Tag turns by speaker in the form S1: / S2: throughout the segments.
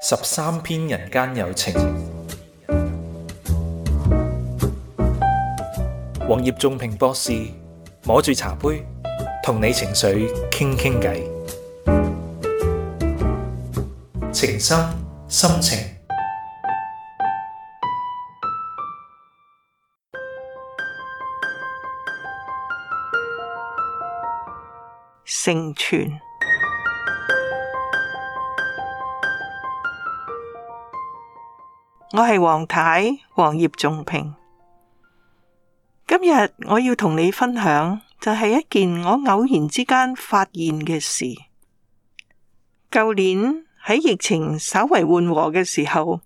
S1: 十三篇人間有情，黃業仲平博士摸住茶杯，同你情緒傾傾偈，情深深，心情成全。我係王太王葉仲平，今日我要同你分享就係一件我偶然之間發現嘅事。舊年喺疫情稍為緩和嘅時候，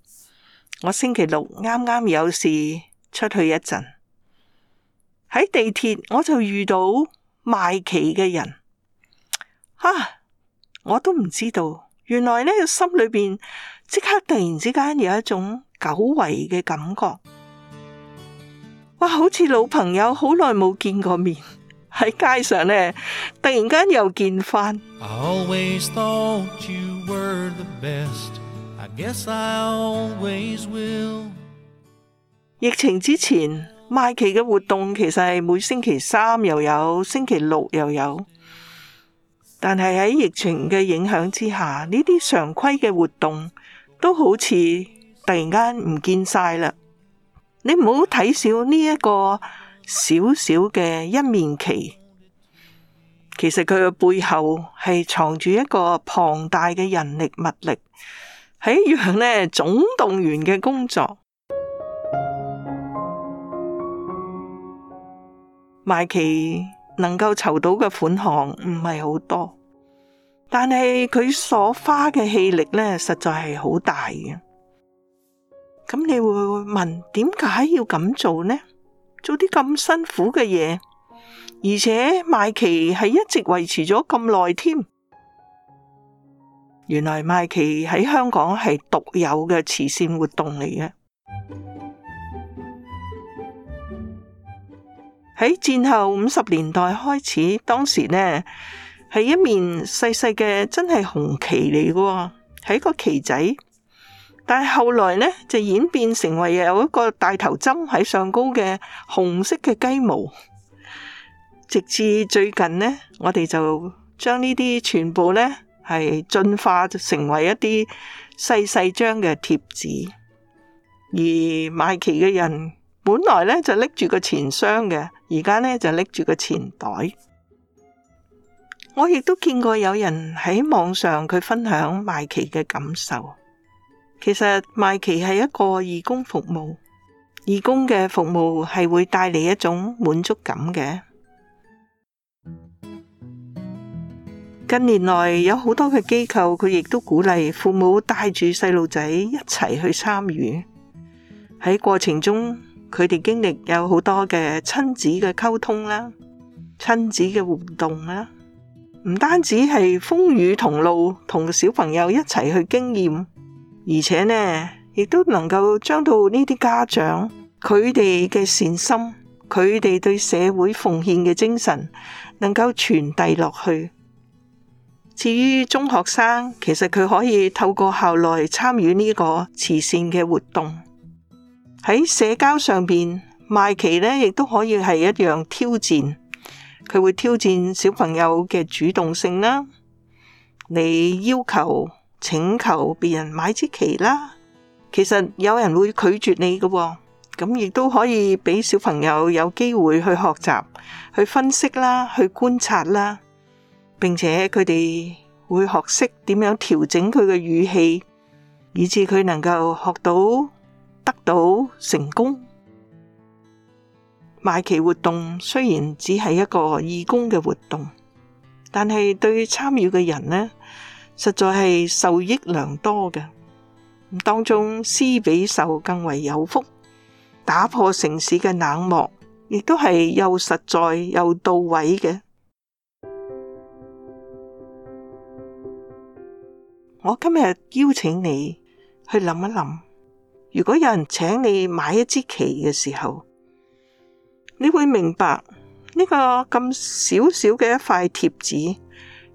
S1: 我星期六啱啱有事出去一陣，喺地鐵我就遇到賣旗嘅人，啊，我都唔知道，原來呢，心裏邊。即刻突然之間有一種久違嘅感覺，哇！好似老朋友好耐冇見過面，喺街上呢突然間又見翻。疫情之前賣旗嘅活動其實係每星期三又有，星期六又有，但係喺疫情嘅影響之下，呢啲常規嘅活動。都好似突然間唔見晒啦！你唔好睇小呢一個小小嘅一面旗，其實佢嘅背後係藏住一個龐大嘅人力物力，喺樣呢總動員嘅工作。賣旗能夠籌到嘅款項唔係好多。但係佢所花嘅氣力呢，實在係好大嘅。咁你會問，點解要咁做呢？做啲咁辛苦嘅嘢，而且麥奇係一直維持咗咁耐添。原來麥奇喺香港係獨有嘅慈善活動嚟嘅。喺戰後五十年代開始，當時呢，係一面細細嘅真係紅旗嚟嘅，係一個旗仔。但係後來呢，就演變成為有一個大頭針喺上高嘅紅色嘅雞毛，直至最近呢，我哋就將呢啲全部呢，係進化成為一啲細細張嘅貼紙。而賣旗嘅人本來呢，就拎住個錢箱嘅，而家呢，就拎住個錢袋。我亦都見過有人喺網上佢分享賣旗嘅感受。其實賣旗係一個義工服務，義工嘅服務係會帶嚟一種滿足感嘅。近年來有好多嘅機構，佢亦都鼓勵父母帶住細路仔一齊去參與。喺過程中，佢哋經歷有好多嘅親子嘅溝通啦，親子嘅活動啦。唔單止係風雨同路，同小朋友一齊去經驗，而且呢，亦都能夠將到呢啲家長佢哋嘅善心，佢哋對社會奉獻嘅精神，能夠傳遞落去。至於中學生，其實佢可以透過校內參與呢個慈善嘅活動，喺社交上邊賣旗呢，亦都可以係一樣挑戰。佢會挑戰小朋友嘅主動性啦，你要求請求別人買支旗啦，其實有人會拒絕你㗎，咁亦都可以俾小朋友有機會去學習、去分析啦、去觀察啦，並且佢哋會學識點樣調整佢嘅語氣，以至佢能夠學到得到成功。賣旗活動雖然只係一個義工嘅活動，但係對於參與嘅人呢，實在係受益良多嘅。當中施比受更為有福，打破城市嘅冷漠，亦都係又實在又到位嘅。我今日邀請你去諗一諗，如果有人請你買一支旗嘅時候，你會明白呢個咁少少嘅一塊貼紙，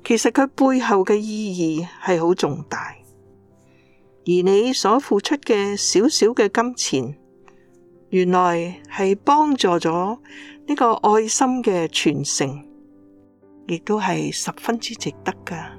S1: 其實佢背後嘅意義係好重大，而你所付出嘅少少嘅金錢，原來係幫助咗呢個愛心嘅傳承，亦都係十分之值得噶。